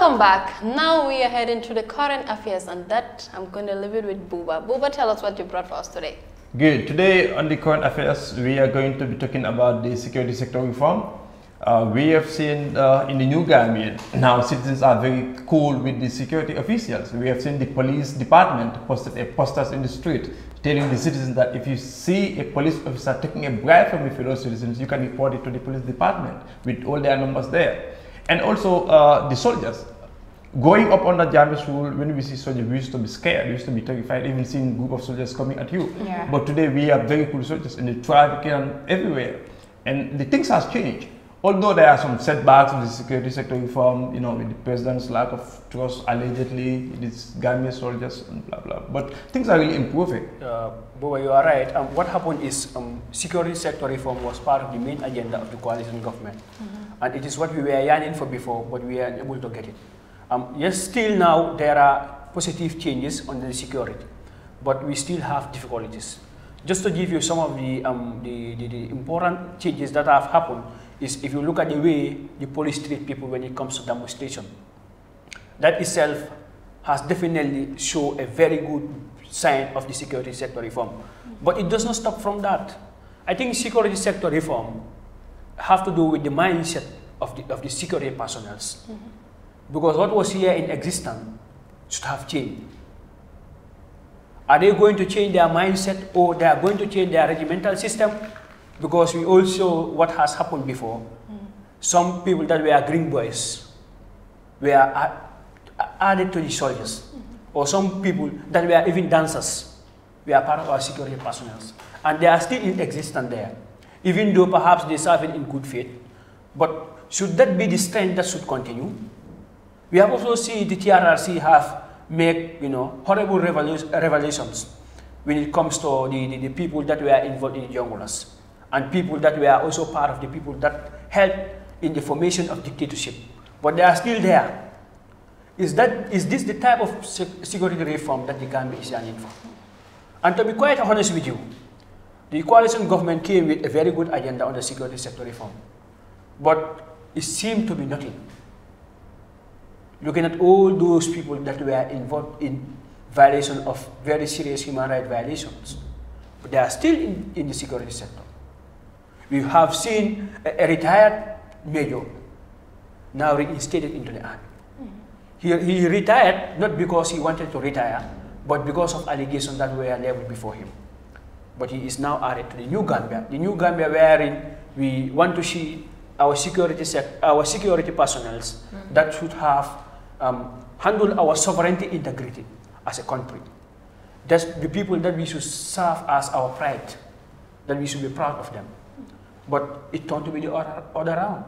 Welcome back. Now we are heading to the current affairs and that I'm going to leave it with Buba. Buba, tell us what you brought for us today. Good. Today on the current affairs, we are going to be talking about the security sector reform. Uh, we have seen uh, in the new Gambian, now citizens are very cool with the security officials. We have seen the police department posted a posters in the street telling the citizens that if you see a police officer taking a bribe from a fellow citizens, you can report it to the police department with all their numbers there. And also uh, the soldiers going up on that James rule, when we see soldiers, we used to be scared, we used to be terrified, even seeing group of soldiers coming at you. Yeah. But today we have very cool soldiers and the traffic and everywhere. And the things has changed although there are some setbacks in the security sector reform, you know, with the president's lack of trust allegedly, these Gambian soldiers and blah, blah. But things are really improving. Uh, Boba, you are right. Um, what happened is um, security sector reform was part of the main agenda of the coalition government. Mm -hmm. And it is what we were yearning for before, but we are unable to get it. Um, yes, still now there are positive changes on the security, but we still have difficulties. Just to give you some of the, um, the, the, the important changes that have happened, is if you look at the way the police treat people when it comes to demonstration. That itself has definitely shown a very good sign of the security sector reform. But it does not stop from that. I think security sector reform have to do with the mindset of the, of the security personnel. Mm -hmm. Because what was here in existence should have changed. Are they going to change their mindset or they are going to change their regimental system because we also, what has happened before, mm. some people that were green boys were added to the soldiers. Mm -hmm. Or some people that were even dancers were part of our security personnel. And they are still in existence there, even though perhaps they serve in good faith. But should that be the strength that should continue? We have also seen the TRRC have made you know, horrible revelations when it comes to the, the, the people that were involved in the junglers and people that were also part of the people that helped in the formation of dictatorship. But they are still there. Is, that, is this the type of security reform that the Gambia is yearning for? And to be quite honest with you, the coalition government came with a very good agenda on the security sector reform. But it seemed to be nothing. Looking at all those people that were involved in violation of very serious human rights violations, but they are still in, in the security sector. We have seen a, a retired major now reinstated into the army. He, he retired not because he wanted to retire, but because of allegations that were leveled before him. But he is now added to the new Gambia, the new Gambia wherein we want to see our security, our security personnel mm -hmm. that should have um, handled our sovereignty integrity as a country. That's the people that we should serve as our pride, that we should be proud of them. But it turned to be the other, other round.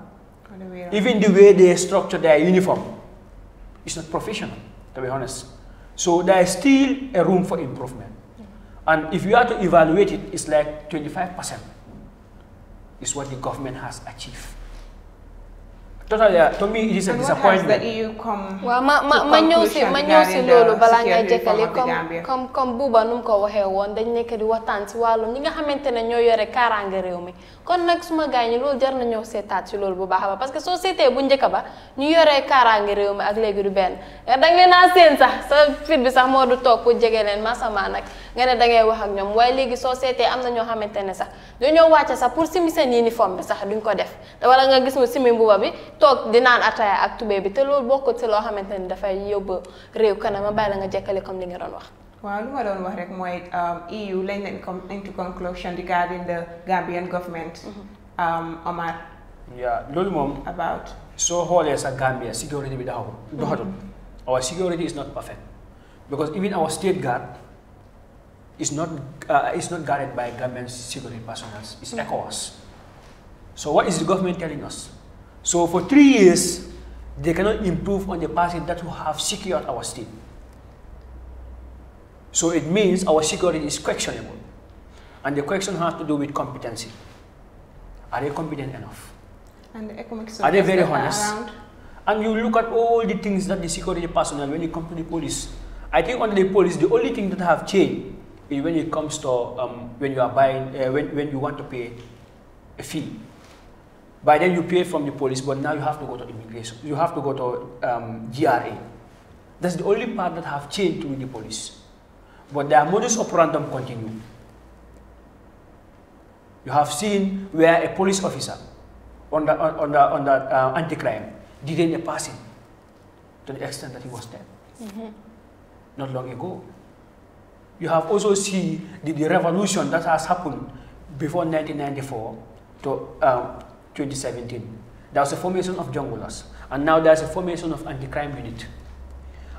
The Even the way they structure their uniform, it's not professional, to be honest. So there is still a room for improvement. And if you are to evaluate it, it's like 25% is what the government has achieved. totally a disappointment waaw ma ma ma si ma ñëw si loolu balaa ngay jëkkale comme comme comme buuba nu mu ko waxee woon dañ nekk di waxtaan si wàllu ñi nga xamante ne ñoo yore kaaraange réew mi kon nag suma gars ñi loolu jar na ñëw seetaat si loolu bu baax a baax que soo seetee bu njëkk ba ñu yoree kaaraange réew mi ak léegi du benn danga naa seen sax sa fit bi sax moo du toog pour jege leen masamaa nag nga ne da ngay wax ak ñoom waaye léegi soo seetee am na ñoo xamante ne sax dañoo wàcce sax pour simi seen uniforme bi sax duñ ko def wala nga gis mu simi mbuba bi toog di naan ataaya ak tubéy bi te loolu bokkut si loo xamante ne dafay yóbbu réew kanam a bàyyi la nga jekkale comme li nga doon wax. waaw lu ma doon wax mooy um, EU lañ leen come into conclusion regarding the Gambian government. Mm-hmm. Um, Omar. yaa loolu moom. about soo xoolee sa Gambia security bi daxaw doxatul. Mm-hmm. our security is not perfect because even our state guard. is not uh, is not guarded by government security personnel. It's mm -hmm. ECOWAS. So what is the government telling us? So for three years, they cannot improve on the passage that will have secured our state. So it means our security is questionable. And the question has to do with competency. Are they competent enough? And the economic Are they very honest? Around? And you look at all the things that the security personnel, when you come to the police, I think under the police, the only thing that have changed when it comes to um, when you are buying, uh, when, when you want to pay a fee. By then you pay from the police, but now you have to go to immigration. You have to go to um, GRA. That's the only part that have changed with the police. But their modus operandi continue. You have seen where a police officer on the, on the, on the uh, anti-crime detained a person to the extent that he was dead. Mm -hmm. Not long ago you have also seen the, the revolution that has happened before 1994 to um, uh, 2017. There was a formation of junglers, and now there's a formation of anti-crime unit.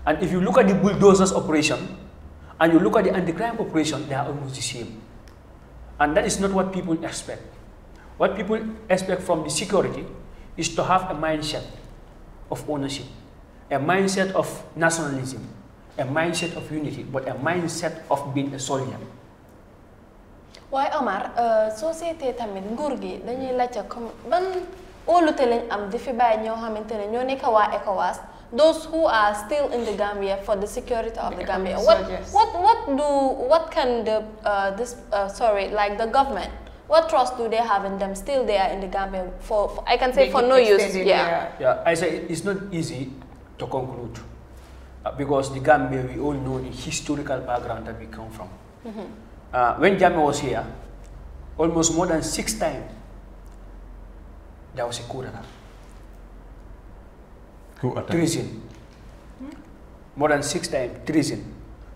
And if you look at the bulldozers operation, and you look at the anti-crime operation, they are almost the same. And that is not what people expect. What people expect from the security is to have a mindset of ownership, a mindset of nationalism, a mindset of unity, but a mindset of being a soldier. Why, Omar uh, soo tamit nguur gi dañuy laajte comme ban óolute lañ am di fi bàyyi ñoo xamante ne ñoo ECOWAS those who are still in the Gambia for the security of the Gambia. what what what do what can the uh, this uh, sorry like the government. what trust do they have in them? Still, they are in the Gambia for, for I can say they for no use. Yeah. yeah. yeah, I say it's not easy to conclude. Uh, because the Gambia, we all know the historical background that we come from. Mm -hmm. uh, when Jammeh was here, almost more than six times, there was a coup attack. Coup attack. Treason. -hmm. More than six times, treason.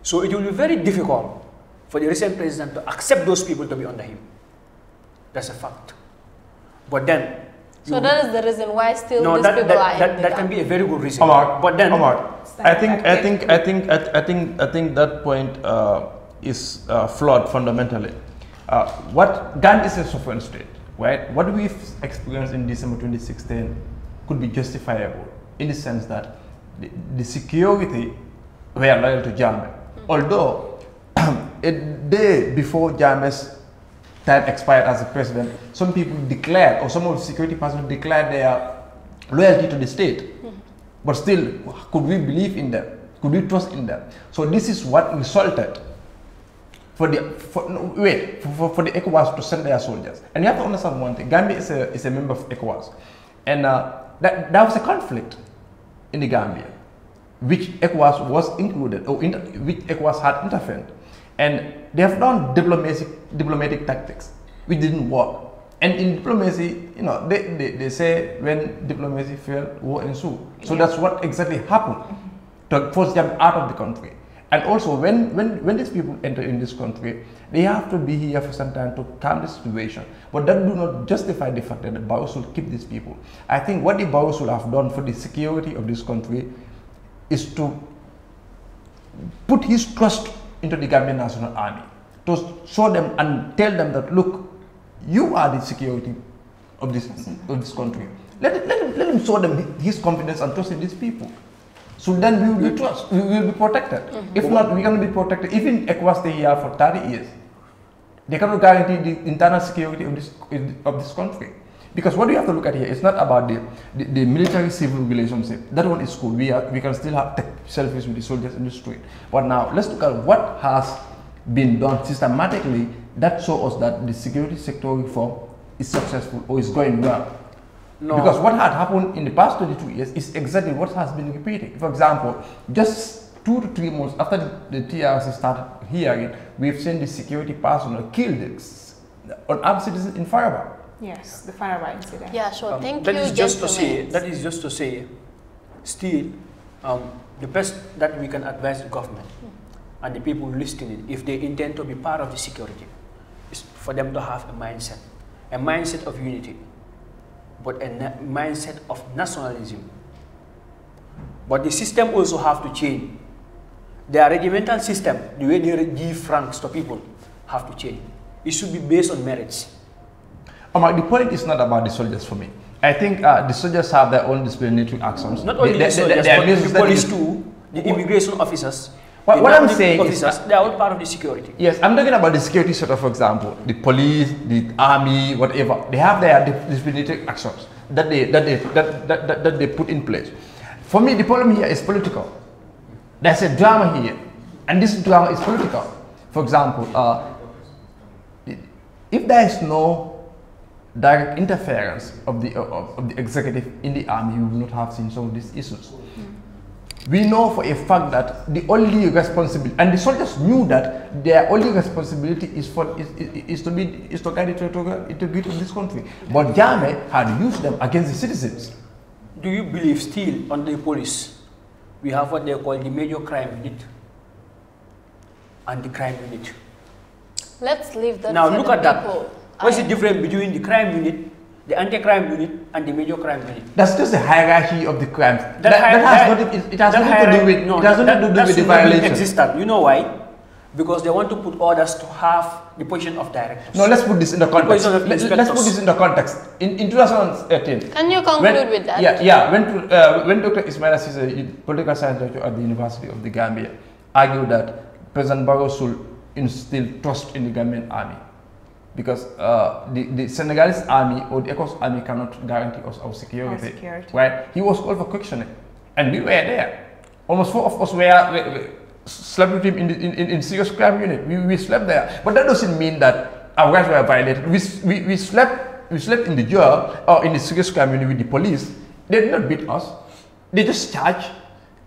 So it will be very difficult for the recent president to accept those people to be under him. That's a fact. But then, so that is the reason why still no, these that, people that, are that, in that can be a very good reason. A lot, but then I think I think I think I think I think that point uh, is uh, flawed fundamentally. Uh, what Gandhi is a sovereign state, right? What we experienced in December 2016 could be justifiable in the sense that the, the security were loyal to Jammeh, mm -hmm. although a day before Jammeh's time expired as a president, some people declared, or some of the security personnel declared their loyalty to the state. Mm -hmm. But still, could we believe in them? Could we trust in them? So this is what insulted for the for, no, wait for, for, the ECOWAS to send their soldiers. And you have to understand one thing: Gambia is a is a member of ECOWAS, and uh, that that was a conflict in the Gambia, which ECOWAS was included or inter, which ECOWAS had intervened. And they have done diplomatic, diplomatic tactics, which didn't work. And in diplomacy, you know, they, they, they say when diplomacy failed, war ensued. So yeah. that's what exactly happened to force them out of the country. And also, when, when, when these people enter in this country, they have to be here for some time to calm the situation. But that do not justify the fact that the Baos will keep these people. I think what the Baos will have done for the security of this country is to put his trust into the Gambian National Army to show them and tell them that, look, you are the security of this, of this country. Let, let, him, let him show them his confidence and trust in these people. So then we will be trust, we will be protected. Mm -hmm. If mm-hmm. not, we cannot be protected. Even ECOWAS stay here for 30 years. They cannot guarantee the internal security of this, of this country. Because what you have to look at here, it's not about the, the, the military-civil relationship. That one is cool. We, are, we can still have selfies with the soldiers in the street. But now, let's look at what has been done systematically that shows us that the security sector reform is successful or is going well. No. Because what had happened in the past 22 years is exactly what has been repeated. For example, just two to three months after the, the TRC started hearing, we've seen the security personnel killed on uh, armed citizens in Fireball. Yes, the Faraba incident. Yeah, sure. Um, Thank that you. That is just to say. That is just to say. Still, um, the best that we can advise the government mm. and the people listening, if they intend to be part of the security, is for them to have a mindset, a mindset of unity, but a mindset of nationalism. But the system also have to change. Their regimental system, the way they give francs to people, have to change. It should be based on merits Oh my, the point is not about the soldiers for me. I think uh, the soldiers have their own disciplinary actions. Not only they, the soldiers, they, they, but the police too, the immigration officers. What, what I'm saying officers, is, they are all part of the security. Yes, I'm talking about the security sector, for example, the police, the army, whatever. They have their disciplinary actions that they that they that, that, that, that they put in place. For me, the problem here is political. There's a drama here, and this drama is political. For example, uh, if there is no direct interference of the, of, of the executive in the army, you would not have seen some of these issues. Hmm. We know for a fact that the only responsibility, and the soldiers knew that their only responsibility is for is, is, is to be is to guide the integrity of this country. But Jame had used them against the citizens. Do you believe still on the police, we have what they call the major crime unit and the crime unit? Let's leave that. Now look at people. that. What's the difference between the crime unit, the anti-crime unit, and the major crime unit? That's just the hierarchy of the crimes. That, that, that has, not, it, it has nothing to do with, no, it has nothing to do with the violation. You know why? Because they want to put orders to have the position of directors. No, let's put this in the context. The Let, us put this in the context. In, in 2018. Can you conclude when, with that? Yeah, yeah. When, uh, when Dr. Ismail a political science at the University of the Gambia, argued that President Barrow should instill trust in the Gambian army because uh, the, the, Senegalese army or the Ecos army cannot guarantee us our security, our security. Right? He was called for questioning, and we were there. Almost four of us were, were, slept with him in, the, in, in, serious crime unit. We, we slept there, but that doesn't mean that our rights were violated. We, we, we slept we slept in the jail or in the serious crime unit with the police. They did not beat us. They just charged,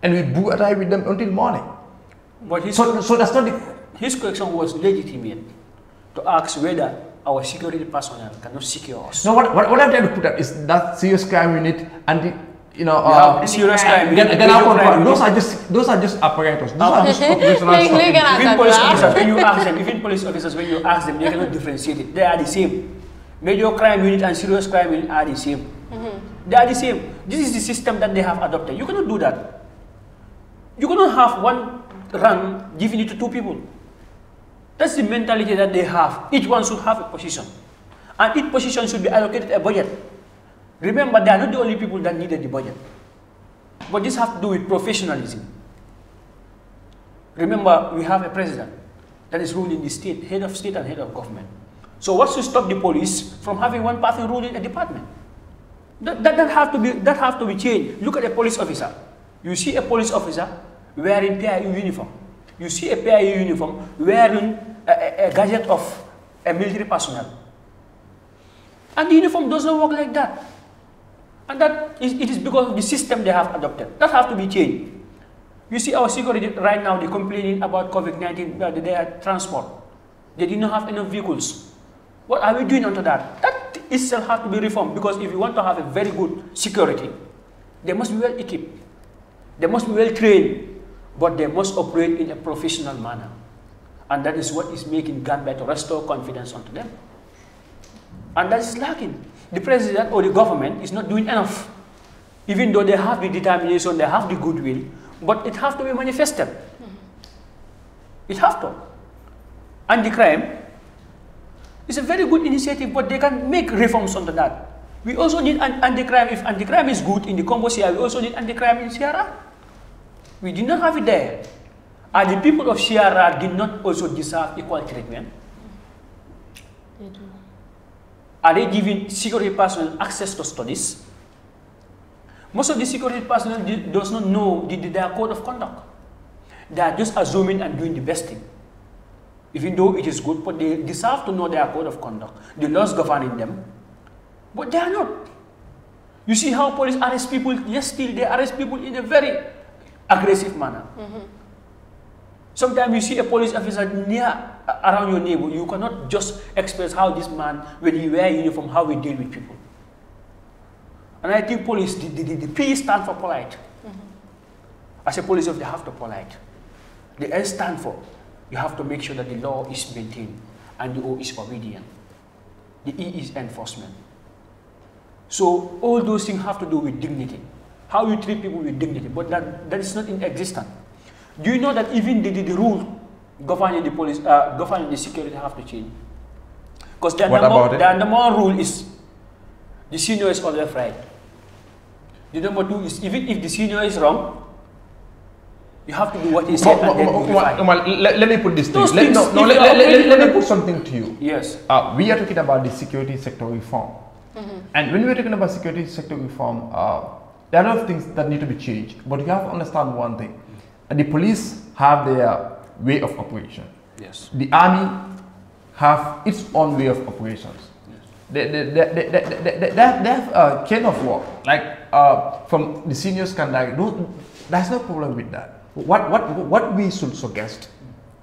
and we booed at with them until morning. But his, so, so that's not the, his question was legitimate to ask whether our security personnel cannot secure us. No, what, what, what I'm trying to put up is that serious crime unit and the you know, uh, serious crime. again. I those are just those are just apparatus. Those are just operational stuff. Even police officers, when you ask them, even police officers, when you ask them, they cannot differentiate it. They are the same. Major crime unit and serious crime unit are the same. Mm -hmm. They are the same. This is the system that they have adopted. You cannot do that. You cannot have one run giving it to two people. That's the mentality that they have. Each one should have a position. And each position should be allocated a budget. Remember, they are not the only people that needed the budget. But this has to do with professionalism. Remember, we have a president that is ruling the state, head of state and head of government. So what should stop the police from having one person ruling a department? That, that, that, have to be, that have to be changed. Look at a police officer. You see a police officer wearing PIU uniform. You see a PIU uniform wearing a, a gadget of a military personnel. And the uniform does not work like that. And that is, it is because of the system they have adopted. That has to be changed. You see our security right now, they're complaining about COVID-19, uh, they their transport. They did not have enough vehicles. What are we doing onto that? That itself has to be reformed because if you want to have a very good security, they must be well equipped. They must be well trained, but they must operate in a professional manner. And that is what is making Gambia to restore confidence onto them. And that is lacking. The president or the government is not doing enough. Even though they have the determination, they have the goodwill, but it has to be manifested. It has to. And the crime is a very good initiative, but they can make reforms onto that. We also need anti-crime. If anti-crime is good in the Congo Sierra, we also need anti-crime in Sierra. We do not have it there. Are the people of Shiara did not also deserve equal treatment? They do. Are they given security personnel access to studies? Most of the security personnel does not know the, their code of conduct. They are just assuming and doing the best thing. Even though it is good, but they deserve to know their code of conduct, the laws governing them. But they are not. You see how police arrest people, yes, still they arrest people in a very aggressive manner. Mm -hmm. Sometimes you see a police officer near uh, around your neighbor. You cannot just express how this man, when he wear uniform, how he deal with people. And I think police, the, the, the P stand for polite. Mm -hmm. As a police officer, they have to polite. The S stand for you have to make sure that the law is maintained and the O is obedient. The E is enforcement. So all those things have to do with dignity. How you treat people with dignity, but that, that is not in existence. Do you know that even the, the, the rule governing the police, uh, governing the security have to change? Because the, number, the number one rule is the senior is always right. The number two is even if the senior is wrong, you have to do what he said. Well, well, well, let, let, me put this thing. Let, no, no, let, let, let, me put something to you. Yes. Uh, we are talking about the security sector reform. Mm -hmm. And when we're talking about security sector reform, uh, there are a lot of things that need to be changed. But you have to understand one thing the police have their way of operation. Yes. The army have its own way of operations. Yes. They, they, they, they, they, they have a chain of work, like uh, from the senior secondary. No, there's no problem with that. What, what, what we should suggest,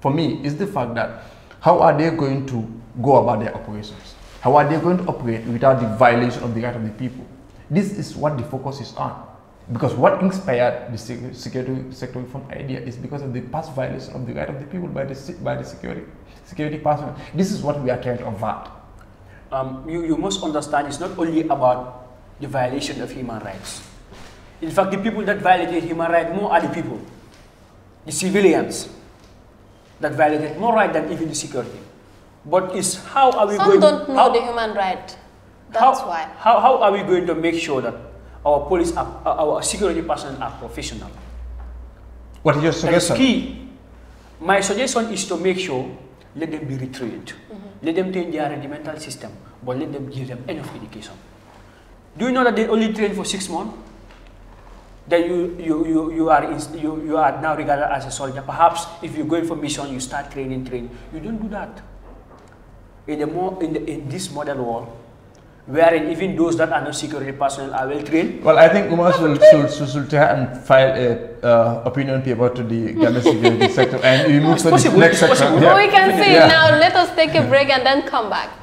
for me, is the fact that how are they going to go about their operations? How are they going to operate without the violation of the right of the people? This is what the focus is on because what inspired the security sector reform idea is because of the past violation of the right of the people by the by the security security personnel. This is what we are trying to avert. Um, you, you must understand it's not only about the violation of human rights. In fact, the people that violated human rights more are the people, the civilians that violated more rights than even the security. But it's how are we Some going? Some don't know how, the human right. That's how, why. How, how are we going to make sure that our police, are, our security personnel are professional. What is your suggestion? key. My suggestion is to make sure let them be retrained. Mm -hmm. Let them train their regimental system, but let them give them enough education. Do you know that they only train for six months? Then you, you, you, you, are in, you, you are now regarded as a soldier. Perhaps if you go in for mission, you start training, Training, You don't do that. In, the more, in, the, in this modern world, wherein even those that are not security personnel are well trained. Well, I think Umar should, should, should, should try and file a uh, opinion paper to the Ghana security sector and we move to the next sector. Yeah. We can see. Yeah. Now let us take a break and then come back.